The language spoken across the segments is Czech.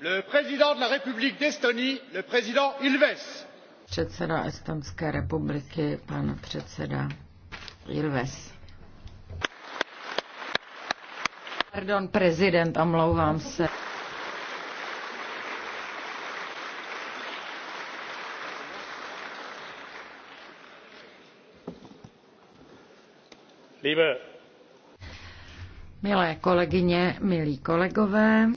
Le président de la République d'Estonie, le président Ilves. Předseda Estonské republiky, pan předseda Ilves. Pardon, prezident, omlouvám se. Milé kolegyně, milí kolegové,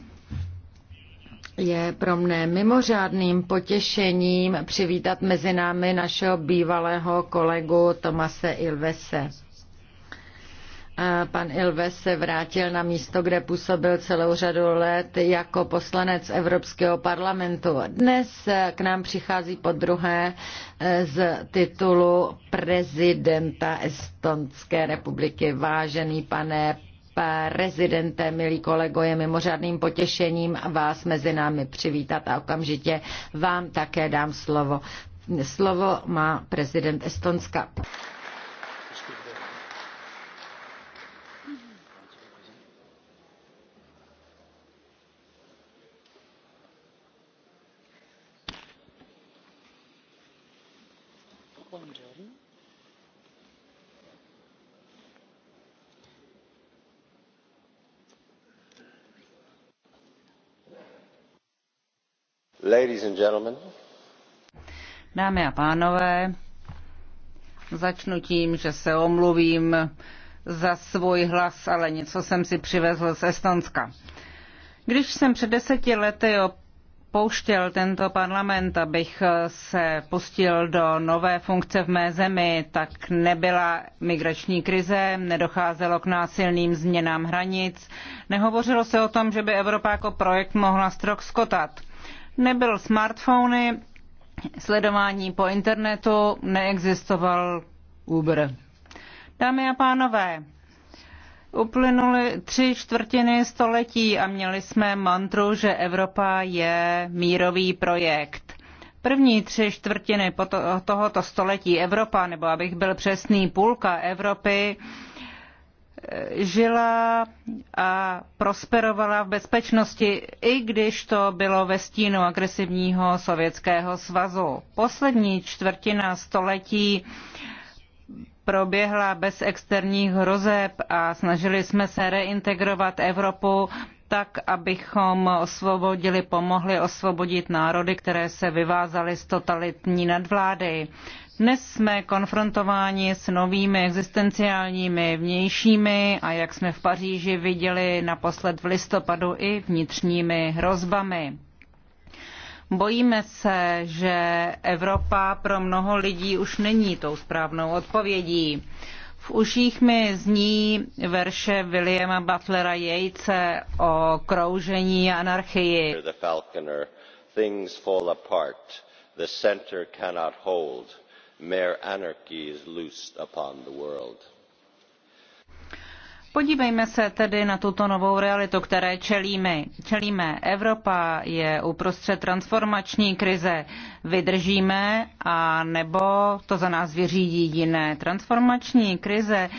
je pro mne mimořádným potěšením přivítat mezi námi našeho bývalého kolegu Tomase Ilvese. Pan Ilves se vrátil na místo, kde působil celou řadu let jako poslanec Evropského parlamentu. Dnes k nám přichází po druhé eh, z titulu prezidenta Estonské republiky. Vážený pane prezidente, milí kolego, je mimořádným potěšením vás mezi námi přivítat a okamžitě vám také dám slovo. Slovo má prezident Estonska. Dámy a pánové, začnu tím, že se omluvím za svůj hlas, ale něco jsem si přivezl z Estonska. Když jsem před deseti lety opouštěl tento parlament, abych se pustil do nové funkce v mé zemi, tak nebyla migrační krize, nedocházelo k násilným změnám hranic, nehovořilo se o tom, že by Evropa jako projekt mohla strok skotat nebyl smartfony, sledování po internetu, neexistoval Uber. Dámy a pánové, uplynuly tři čtvrtiny století a měli jsme mantru, že Evropa je mírový projekt. První tři čtvrtiny tohoto století Evropa, nebo abych byl přesný, půlka Evropy, žila a prosperovala v bezpečnosti, i když to bylo ve stínu agresivního Sovětského svazu. Poslední čtvrtina století proběhla bez externích hrozeb a snažili jsme se reintegrovat Evropu tak, abychom osvobodili, pomohli osvobodit národy, které se vyvázaly z totalitní nadvlády. Dnes jsme konfrontováni s novými existenciálními vnějšími a jak jsme v Paříži viděli naposled v listopadu i vnitřními hrozbami. Bojíme se, že Evropa pro mnoho lidí už není tou správnou odpovědí. V uších mi zní verše Williama Butlera Jejce o kroužení anarchii. The falconer, things fall apart, the center cannot hold mere anarchy is loosed upon the world. Podívejme se tedy na tuto novou realitu, které čelíme. čelíme. Evropa je uprostřed transformační krize. Vydržíme a nebo to za nás vyřídí jiné. Transformační krize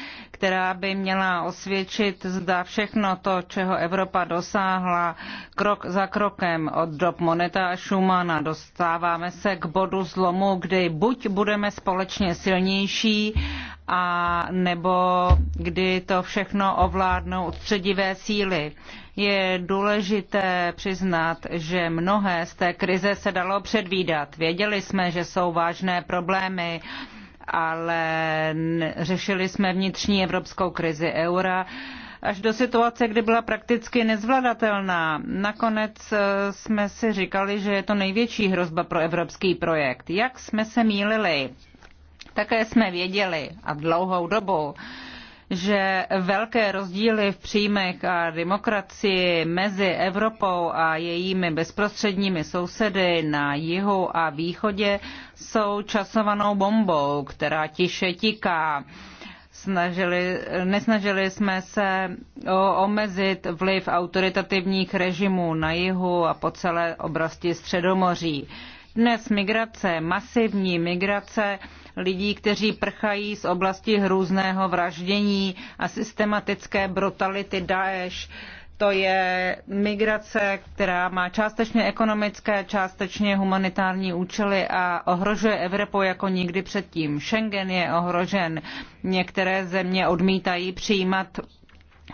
která by měla osvědčit, zda všechno to, čeho Evropa dosáhla krok za krokem od dob Moneta a Schumana, dostáváme se k bodu zlomu, kdy buď budeme společně silnější, a nebo kdy to všechno ovládnou odstředivé síly. Je důležité přiznat, že mnohé z té krize se dalo předvídat. Věděli jsme, že jsou vážné problémy, ale řešili jsme vnitřní evropskou krizi eura až do situace, kdy byla prakticky nezvladatelná. Nakonec eh, jsme si říkali, že je to největší hrozba pro evropský projekt. Jak jsme se mýlili? Také jsme věděli a dlouhou dobu, že velké rozdíly v příjmech a demokracii mezi Evropou a jejími bezprostředními sousedy na jihu a východě jsou časovanou bombou, která tiše tiká. Snažili, nesnažili jsme se omezit vliv autoritativních režimů na jihu a po celé oblasti Středomoří. Dnes migrace, masivní migrace, lidí, kteří prchají z oblasti hrůzného vraždění a systematické brutality Daesh. To je migrace, která má částečně ekonomické, částečně humanitární účely a ohrožuje Evropu jako nikdy předtím. Schengen je ohrožen. Některé země odmítají přijímat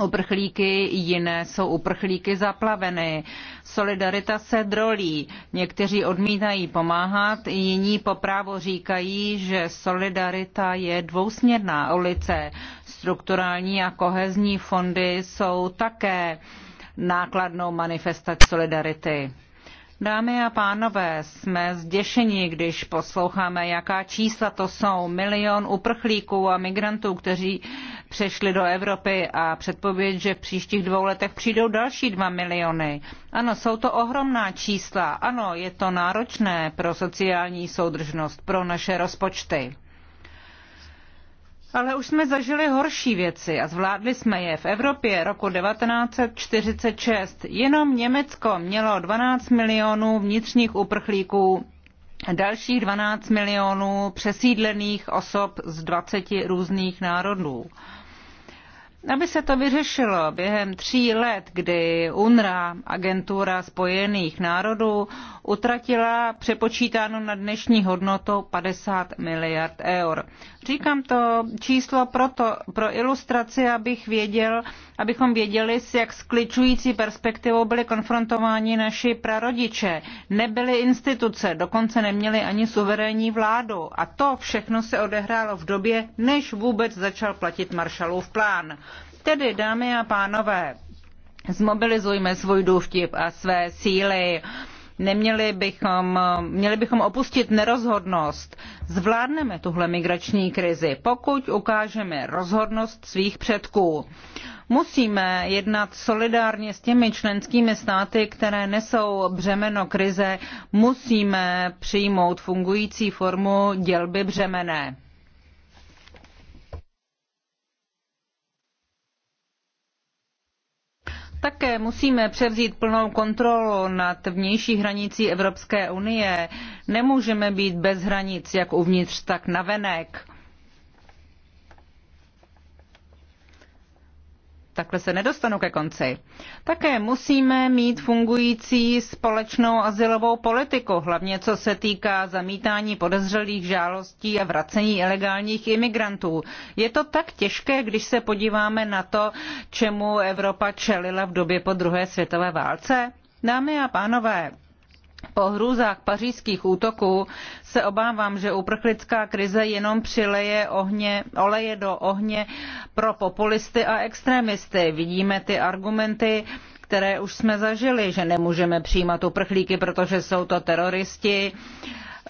uprchlíky, jiné jsou uprchlíky zaplaveny. Solidarita se drolí. Někteří odmítají pomáhat, jiní po říkají, že solidarita je dvousměrná ulice. Strukturální a kohezní fondy jsou také nákladnou manifestací solidarity. Dámy a pánové, jsme zděšeni, když posloucháme, jaká čísla to jsou. Milion uprchlíků a migrantů, kteří přešli do Evropy a předpověď, že v příštích dvou letech přijdou další dva miliony. Ano, jsou to ohromná čísla. Ano, je to náročné pro sociální soudržnost, pro naše rozpočty. Ale už jsme zažili horší věci a zvládli jsme je v Evropě roku 1946. Jenom Německo mělo 12 milionů vnitřních uprchlíků dalších 12 milionů přesídlených osob z 20 různých národů. Aby se to vyřešilo během tří let, kdy UNRA, agentura spojených národů, utratila přepočítáno na dnešní hodnotu 50 miliard eur. Říkám to číslo proto, pro ilustraci, abych věděl, abychom věděli, s jak skličující perspektivou byli konfrontováni naši prarodiče. Nebyly instituce, dokonce neměli ani suverénní vládu. A to všechno se odehrálo v době, než vůbec začal platit Marshallův plán. Tedy, dámy a pánové, zmobilizujme svůj důvtip a své síly. Neměli bychom, měli bychom opustit nerozhodnost. Zvládneme tuhle migrační krizi, pokud ukážeme rozhodnost svých předků. Musíme jednat solidárně s těmi členskými státy, které nesou břemeno krize. Musíme přijmout fungující formu dělby břemene. Také musíme převzít plnou kontrolu nad vnější hranicí Evropské unie. Nemůžeme být bez hranic, jak uvnitř, tak navenek takhle se nedostanu ke konci. Také musíme mít fungující společnou asilovou politiku, hlavně co se týká zamítání podezřelých žálostí a vracení ilegálních imigrantů. Je to tak těžké, když se podíváme na to, čemu Evropa čelila v době po druhé světové válce? Dámy a pánové, po hrůzách pařížských útoků se obávám, že uprchlická krize jenom přileje oleje do ohně pro populisty a extremisty. Vidíme ty argumenty, které už jsme zažili, že nemůžeme přijímat uprchlíky, protože jsou to teroristi,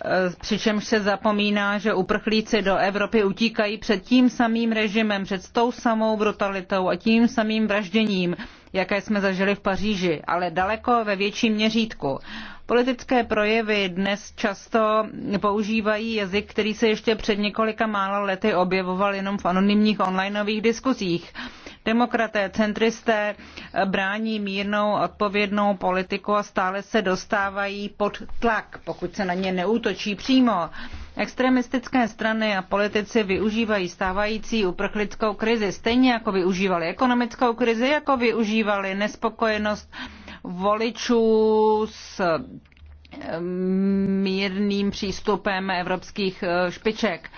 eh, přičemž se zapomíná, že uprchlíci do Evropy utíkají před tím samým režimem, před tou samou brutalitou a tím samým vražděním, jaké jsme zažili v Paříži, ale daleko ve větším měřítku. Politické projevy dnes často používají jazyk, který se ještě před několika málo lety objevoval jenom v anonymních onlineových diskuzích. Demokraté, centristé brání mírnou odpovědnou politiku a stále se dostávají pod tlak, pokud se na ně neútočí přímo. Extremistické strany a politici využívají stávající uprchlickou krizi, stejně jako využívali ekonomickou krizi, jako využívali nespokojenost voličů, s mírným přístupem evropských eh, špiček.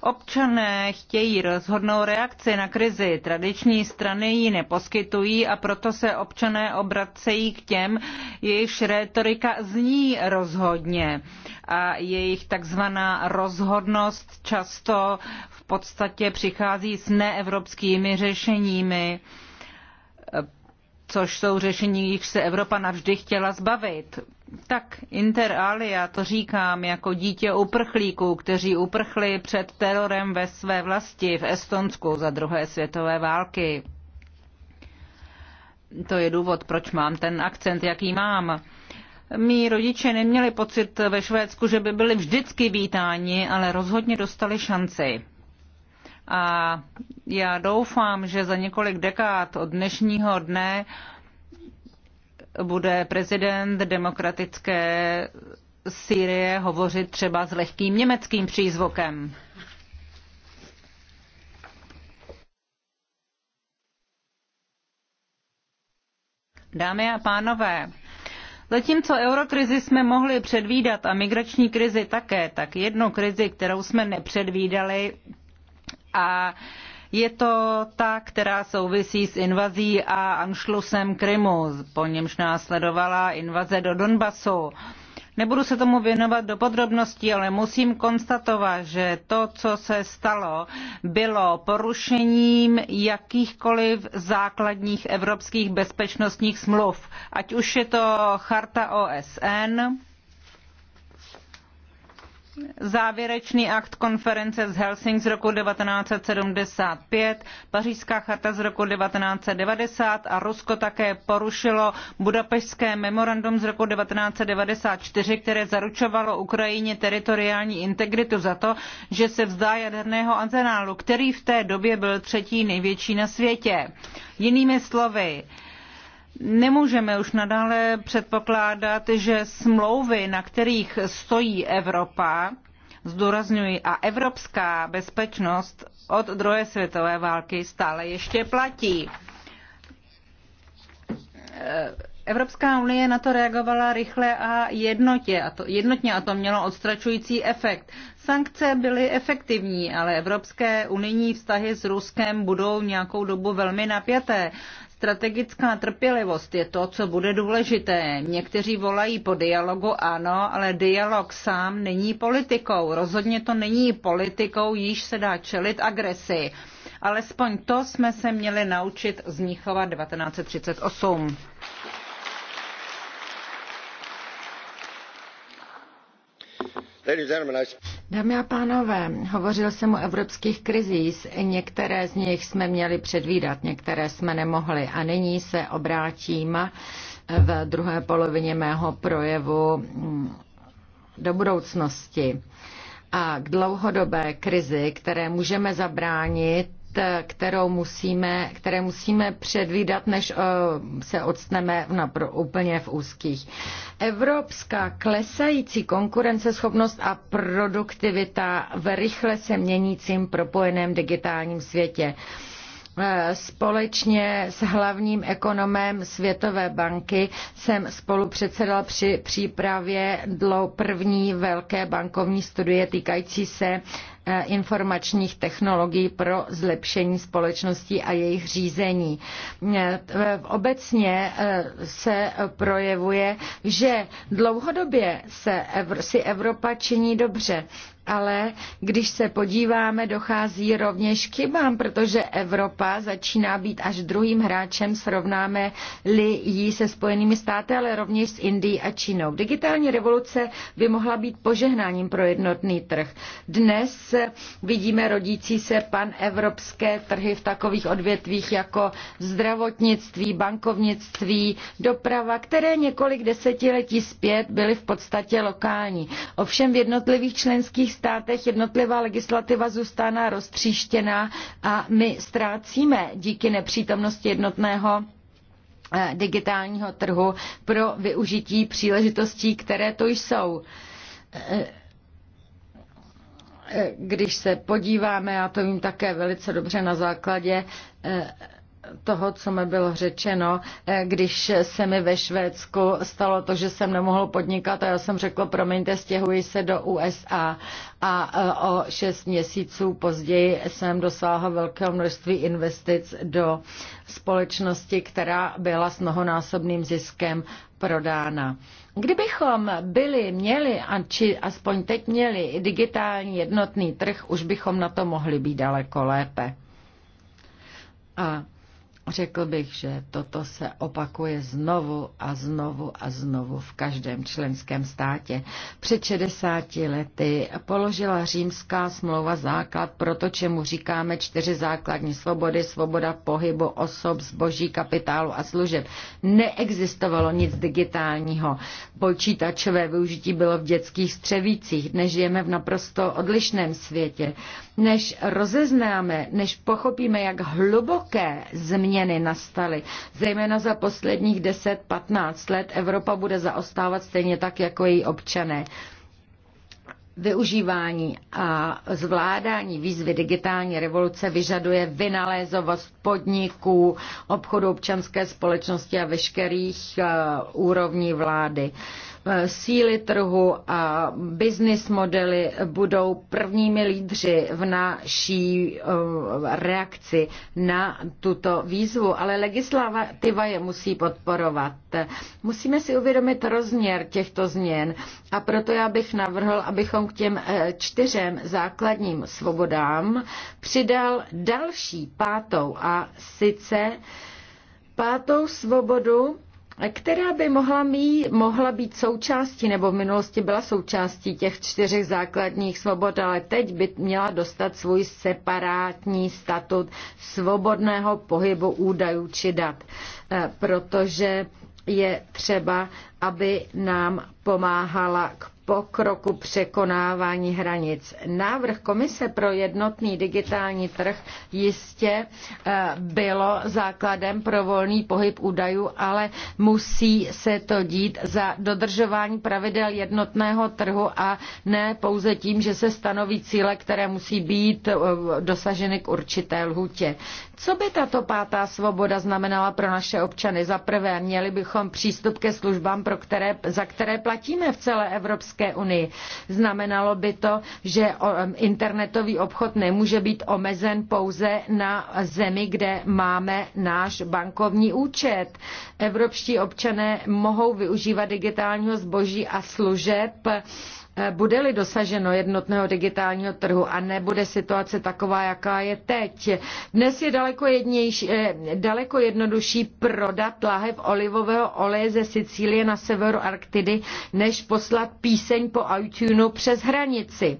Občané chtějí rozhodnou reakci na krizi, tradiční strany ji neposkytují a proto se občané obracejí k těm, jejichž retorika zní rozhodně a jejich takzvaná rozhodnost často v podstatě přichází s neevropskými řešeními což jsou řešení, jichž se Evropa navždy chtěla zbavit. Tak inter alia to říkám jako dítě uprchlíků, kteří uprchli před terorem ve své vlasti v Estonsku za druhé světové války. To je důvod, proč mám ten akcent, jaký mám. Mí rodiče neměli pocit ve Švédsku, že by byli vždycky vítáni, ale rozhodně dostali šanci. A já doufám, že za několik dekád od dnešního dne bude prezident demokratické Sýrie hovořit třeba s lehkým německým přízvokem. Dámy a pánové, zatímco eurokrizi jsme mohli předvídat a migrační krizi také, tak jednu krizi, kterou jsme nepředvídali, a je to ta, která souvisí s invazí a anšlusem Krymu, po němž následovala invaze do Donbasu. Nebudu se tomu věnovat do podrobností, ale musím konstatovat, že to, co se stalo, bylo porušením jakýchkoliv základních evropských bezpečnostních smluv, ať už je to charta OSN, Závěrečný akt konference z Helsing z roku 1975, Pařížská charta z roku 1990 a Rusko také porušilo Budapešské memorandum z roku 1994, které zaručovalo Ukrajině teritoriální integritu za to, že se vzdá jaderného arzenálu, který v té době byl třetí největší na světě. Jinými slovy, Nemůžeme už nadále předpokládat, že smlouvy, na kterých stojí Evropa, zdůrazňuji, a evropská bezpečnost od druhé světové války stále ještě platí. Evropská unie na to reagovala rychle a jednotě, a to, jednotně a to mělo odstračující efekt. Sankce byly efektivní, ale evropské unijní vztahy s Ruskem budou nějakou dobu velmi napjaté. Strategická trpělivost je to, co bude důležité. Někteří volají po dialogu, ano, ale dialog sám není politikou. Rozhodně to není politikou, již se dá čelit agresi. Alespoň to jsme se měli naučit z Níchova 1938. Ladies and gentlemen, I... Dámy a pánové, hovořil jsem o evropských krizích. Některé z nich jsme měli předvídat, některé jsme nemohli. A nyní se obrátím v druhé polovině mého projevu mm, do budoucnosti a k dlouhodobé krizi, které můžeme zabránit kterou musíme, které musíme předvídat, než eh, se odstneme úplně v úzkých. Evropská klesající konkurenceschopnost a produktivita v rychle se měnícím propojeném digitálním světě eh, společně s hlavním ekonomem Světové banky jsem spolupředsedal při přípravě dlou první velké bankovní studie týkající se Eh, informačních technologií pro zlepšení společnosti a jejich řízení. Eh, obecně eh, se projevuje, že dlouhodobě se si Evropa činí dobře, ale když se podíváme, dochází rovněž k chybám, protože Evropa začíná být až druhým hráčem, srovnáme-li ji se Spojenými státy, ale rovněž s Indií a Čínou. Digitální revoluce by mohla být požehnáním pro jednotný trh. Dnes vidíme rodící se panevropské trhy v takových odvětvích jako zdravotnictví, bankovnictví, doprava, které několik desetiletí zpět byly v podstatě lokální. Ovšem v jednotlivých členských státech jednotlivá legislativa zůstává roztříštěná a my ztrácíme díky nepřítomnosti jednotného eh, digitálního trhu pro využití příležitostí, které to jsou eh, Eh, když se podíváme, já to vím také velice dobře na základě eh, toho, co mi bylo řečeno, eh, když se mi ve Švédsku stalo to, že jsem nemohl podnikat a já jsem řekl, promiňte, stěhuji se do USA a eh, o šest měsíců později jsem dosáhl velkého množství investic do společnosti, která byla s mnohonásobným ziskem prodána. Kdybychom byli, měli, a či aspoň teď měli digitální jednotný trh, už bychom na to mohli být daleko lépe. A Řekl bych, že toto se opakuje znovu a znovu a znovu v každém členském státě. Před 60 lety položila římská smlouva základ pro to, čemu říkáme čtyři základní svobody, svoboda pohybu osob, zboží, kapitálu a služeb. Neexistovalo nic digitálního. Počítačové využití bylo v dětských střevících. Dnes žijeme v naprosto odlišném světě. Než rozeznáme, než pochopíme, jak hluboké změny změny nastaly, zejména za posledních 10-15 let, Evropa bude zaostávat stejně tak jako její občané využívání a zvládání výzvy digitální revoluce vyžaduje vynalézovost podniků, obchodu občanské společnosti a veškerých eh, úrovní vlády. Eh, síly trhu a business modely budou prvními lídři v naší eh, reakci na tuto výzvu, ale legislativa je musí podporovat. Musíme si uvědomit rozměr těchto změn a proto já bych navrhl, abychom k těm eh, čtyřem základním svobodám přidal další pátou a sice pátou svobodu která by mohla, mý, mohla být součástí, nebo v minulosti byla součástí těch čtyřech základních svobod, ale teď by měla dostat svůj separátní statut svobodného pohybu údajů či dat, eh, protože je třeba, aby nám pomáhala k pokroku překonávání hranic. Návrh Komise pro jednotný digitální trh jistě eh, bylo základem pro volný pohyb údajů, ale musí se to dít za dodržování pravidel jednotného trhu a ne pouze tím, že se stanoví cíle, které musí být eh, dosaženy k určité lhutě. Co by tato pátá svoboda znamenala pro naše občany? Za prvé, měli bychom přístup ke službám, pro které, za které platíme v celé Evropské Evropské unii. Znamenalo by to, že um, internetový obchod nemůže být omezen pouze na zemi, kde máme náš bankovní účet. Evropští občané mohou využívat digitálního zboží a služeb, bude-li dosaženo jednotného digitálního trhu a nebude situace taková, jaká je teď. Dnes je daleko, jednější, eh, daleko jednodušší prodat láhev olivového oleje ze Sicílie na severu Arktidy, než poslat píseň po iTunesu přes hranici.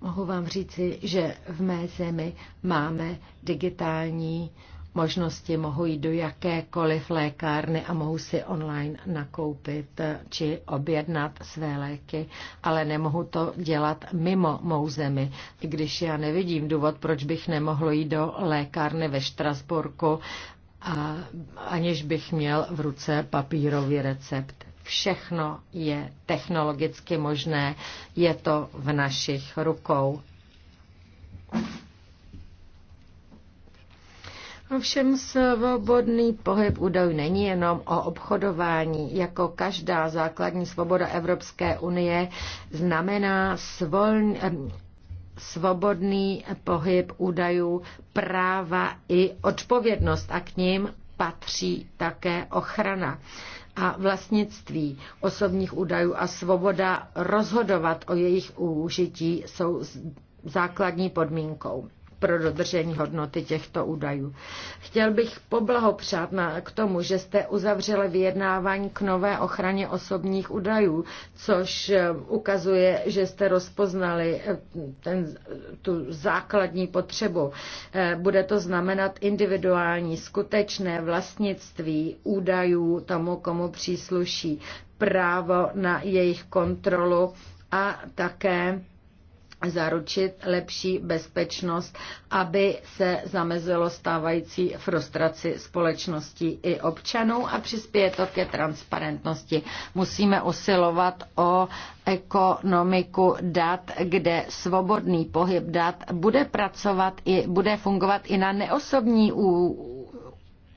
Mohu vám říci, že v mé zemi máme digitální možnosti, mohu jít do jakékoliv lékárny a mohu si online nakoupit či objednat své léky, ale nemohu to dělat mimo mou zemi. I když já nevidím důvod, proč bych nemohl jít do lékárny ve Štrasburku, a aniž bych měl v ruce papírový recept všechno je technologicky možné, je to v našich rukou. Ovšem svobodný pohyb údajů není jenom o obchodování. Jako každá základní svoboda Evropské unie znamená svoln, svobodný pohyb údajů, práva i odpovědnost a k ním patří také ochrana a vlastnictví osobních údajů a svoboda rozhodovat o jejich užití jsou základní podmínkou pro dodržení hodnoty těchto údajů. Chtěl bych poblahopřát na, k tomu, že jste uzavřeli vyjednávání k nové ochraně osobních údajů, což eh, ukazuje, že jste rozpoznali eh, ten, tu základní potřebu. Eh, bude to znamenat individuální, skutečné vlastnictví údajů tomu, komu přísluší právo na jejich kontrolu a také zaručit lepší bezpečnost, aby se zamezilo stávající frustraci společnosti i občanů a přispěje to ke transparentnosti. Musíme usilovat o ekonomiku dat, kde svobodný pohyb dat bude pracovat i bude fungovat i na neosobní úrovni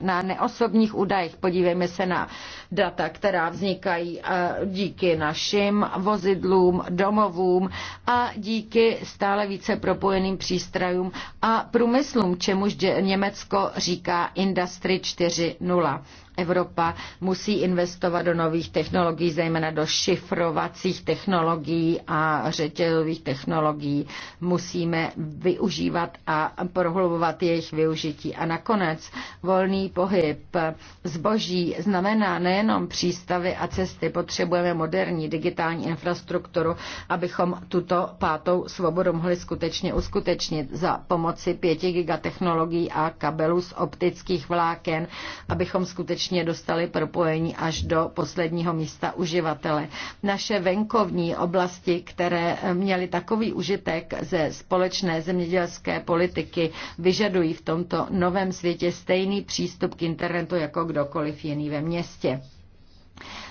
na neosobních údajích. Podívejme se na data, která vznikají eh, díky našim vozidlům, domovům a díky stále více propojeným přístrojům a průmyslům, čemuž Německo říká Industry 4.0. Evropa musí investovat do nových technologií, zejména do šifrovacích technologií a řetězových technologií. Musíme využívat a prohlubovat jejich využití. A nakonec volný pohyb zboží znamená nejenom přístavy a cesty. Potřebujeme moderní digitální infrastrukturu, abychom tuto pátou svobodu mohli skutečně uskutečnit za pomoci 5 gigatechnologií a kabelů z optických vláken, abychom skutečně skutečně dostali propojení až do posledního místa uživatele. Naše venkovní oblasti, které měly takový užitek ze společné zemědělské politiky, vyžadují v tomto novém světě stejný přístup k internetu jako kdokoliv jiný ve městě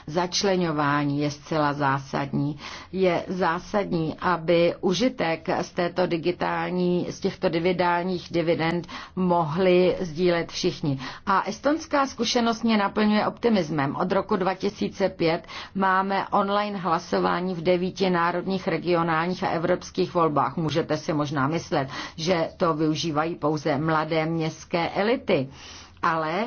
začlenování je zcela zásadní. Je zásadní, aby užitek z, této digitální, z těchto dividálních dividend mohli sdílet všichni. A estonská zkušenost mě naplňuje optimismem. Od roku 2005 máme online hlasování v devíti národních, regionálních a evropských volbách. Můžete si možná myslet, že to využívají pouze mladé městské elity. Ale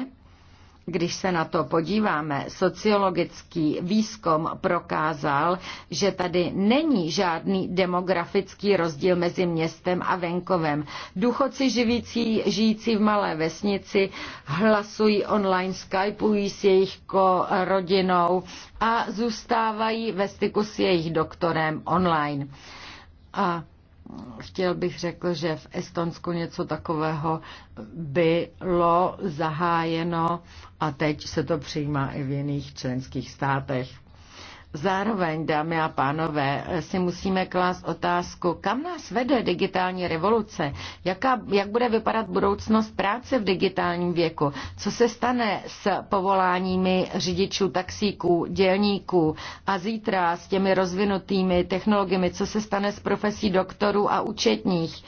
když se na to podíváme, sociologický výzkum prokázal, že tady není žádný demografický rozdíl mezi městem a venkovem. Důchodci živící, žijící v malé vesnici hlasují online, skypují s jejich rodinou a zůstávají ve styku s jejich doktorem online. A chtěl bych řekl, že v Estonsku něco takového bylo zahájeno a teď se to přijímá i v jiných členských státech. Zároveň, dámy a pánové, si musíme klást otázku, kam nás vede digitální revoluce, jaká, jak bude vypadat budoucnost práce v digitálním věku, co se stane s povoláními řidičů, taxíků, dělníků a zítra s těmi rozvinutými technologiemi, co se stane s profesí doktorů a účetních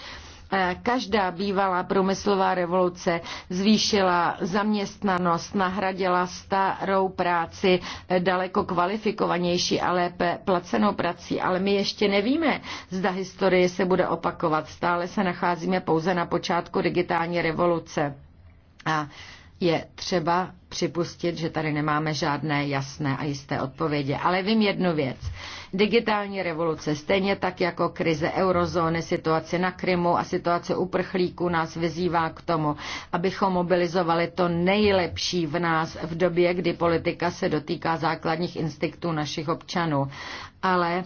Každá bývalá průmyslová revoluce zvýšila zaměstnanost, nahradila starou práci daleko kvalifikovanější a lépe placenou prací, ale my ještě nevíme, zda historie se bude opakovat. Stále se nacházíme pouze na počátku digitální revoluce. A je třeba připustit, že tady nemáme žádné jasné a jisté odpovědi. Ale vím jednu věc. Digitální revoluce, stejně tak jako krize eurozóny, situace na Krymu a situace uprchlíků nás vyzývá k tomu, abychom mobilizovali to nejlepší v nás v době, kdy politika se dotýká základních instinktů našich občanů. Ale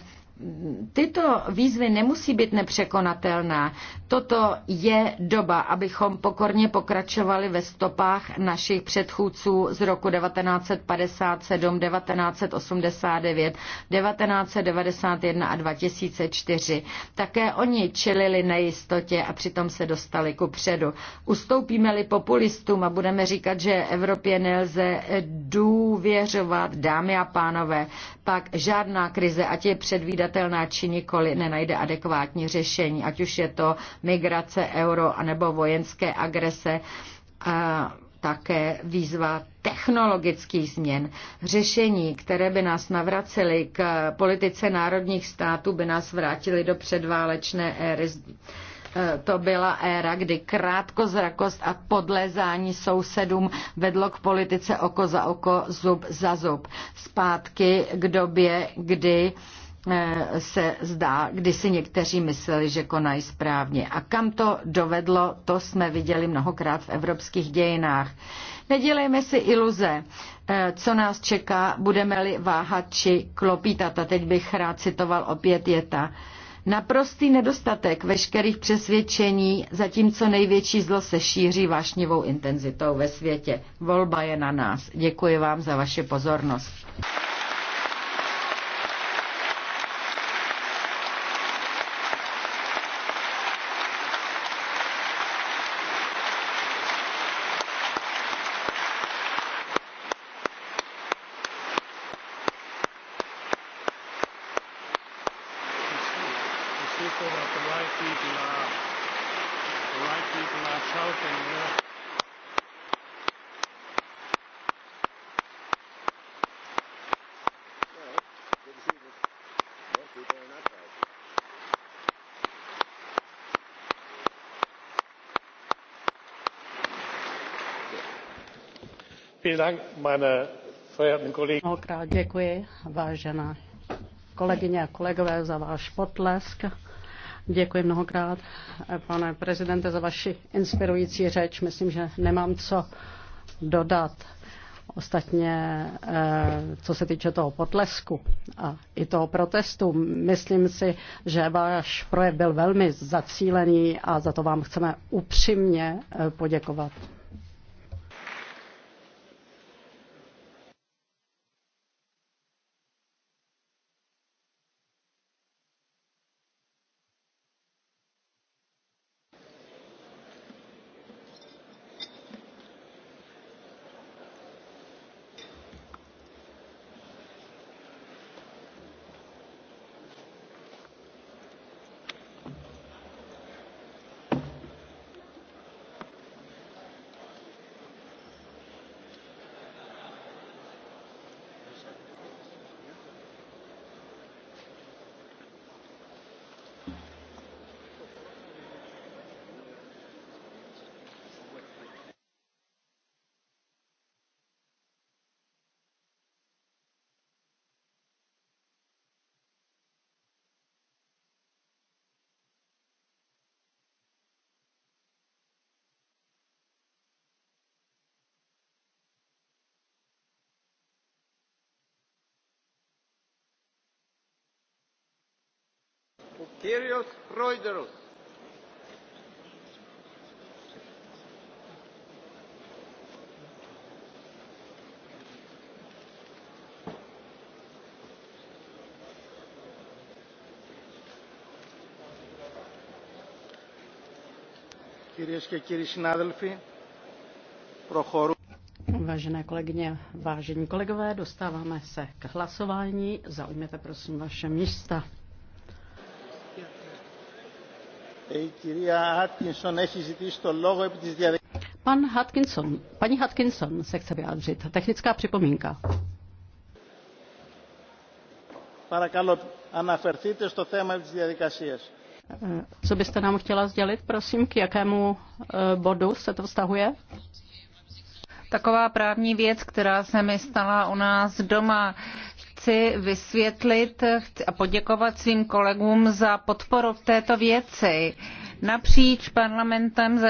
tyto výzvy nemusí být nepřekonatelná. Toto je doba, abychom pokorně pokračovali ve stopách našich předchůdců z roku 1957, 1989, 1991 a 2004. Také oni čelili nejistotě a přitom se dostali ku předu. Ustoupíme-li populistům a budeme říkat, že Evropě nelze důvěřovat, dámy a pánové, pak žádná krize, ať je předvídat přijatelná či nikoli, nenajde adekvátní řešení, ať už je to migrace, euro nebo vojenské agrese. A také výzva technologických změn. Řešení, které by nás navracely k politice národních států, by nás vrátily do předválečné éry. E, to byla éra, kdy krátkozrakost a podlezání sousedům vedlo k politice oko za oko, zub za zub. Zpátky k době, kdy uh, Eh, se zdá, kdy si někteří mysleli, že konají správně. A kam to dovedlo, to jsme viděli mnohokrát v evropských dějinách. Nedělejme si iluze, eh, co nás čeká, budeme-li váhat či klopítat. A teď bych rád citoval opět Jeta. Naprostý nedostatek veškerých přesvědčení, zatímco největší zlo se šíří vášnivou intenzitou ve světě. Volba je na nás. Děkuji vám za vaši pozornost. Mnohokrát děkuji, vážené kolegyně a kolegové, za váš potlesk. Děkuji mnohokrát, pane prezidente, za vaši inspirující řeč. Myslím, že nemám co dodat. Ostatně, eh, co se týče toho potlesku a i toho protestu, myslím si, že váš projev byl velmi zacílený a za to vám chceme upřímně eh, poděkovat. Kyrios Proiderus. Κυρίες και κύριοι συνάδελφοι, προχωρούμε. Vážené kolegyně, vážení kolegové, dostáváme se k hlasování. Zaujměte prosím vaše místa. Pan Hutkinson, paní Hutkinson se chce vyjádřit. Technická připomínka. Eh, co byste nám chtěla sdělit, prosím, k jakému eh, bodu se to vztahuje? Taková právní věc, která se mi stala u nás doma chci vysvětlit a poděkovat svým kolegům za podporu v této věci napříč parlamentem za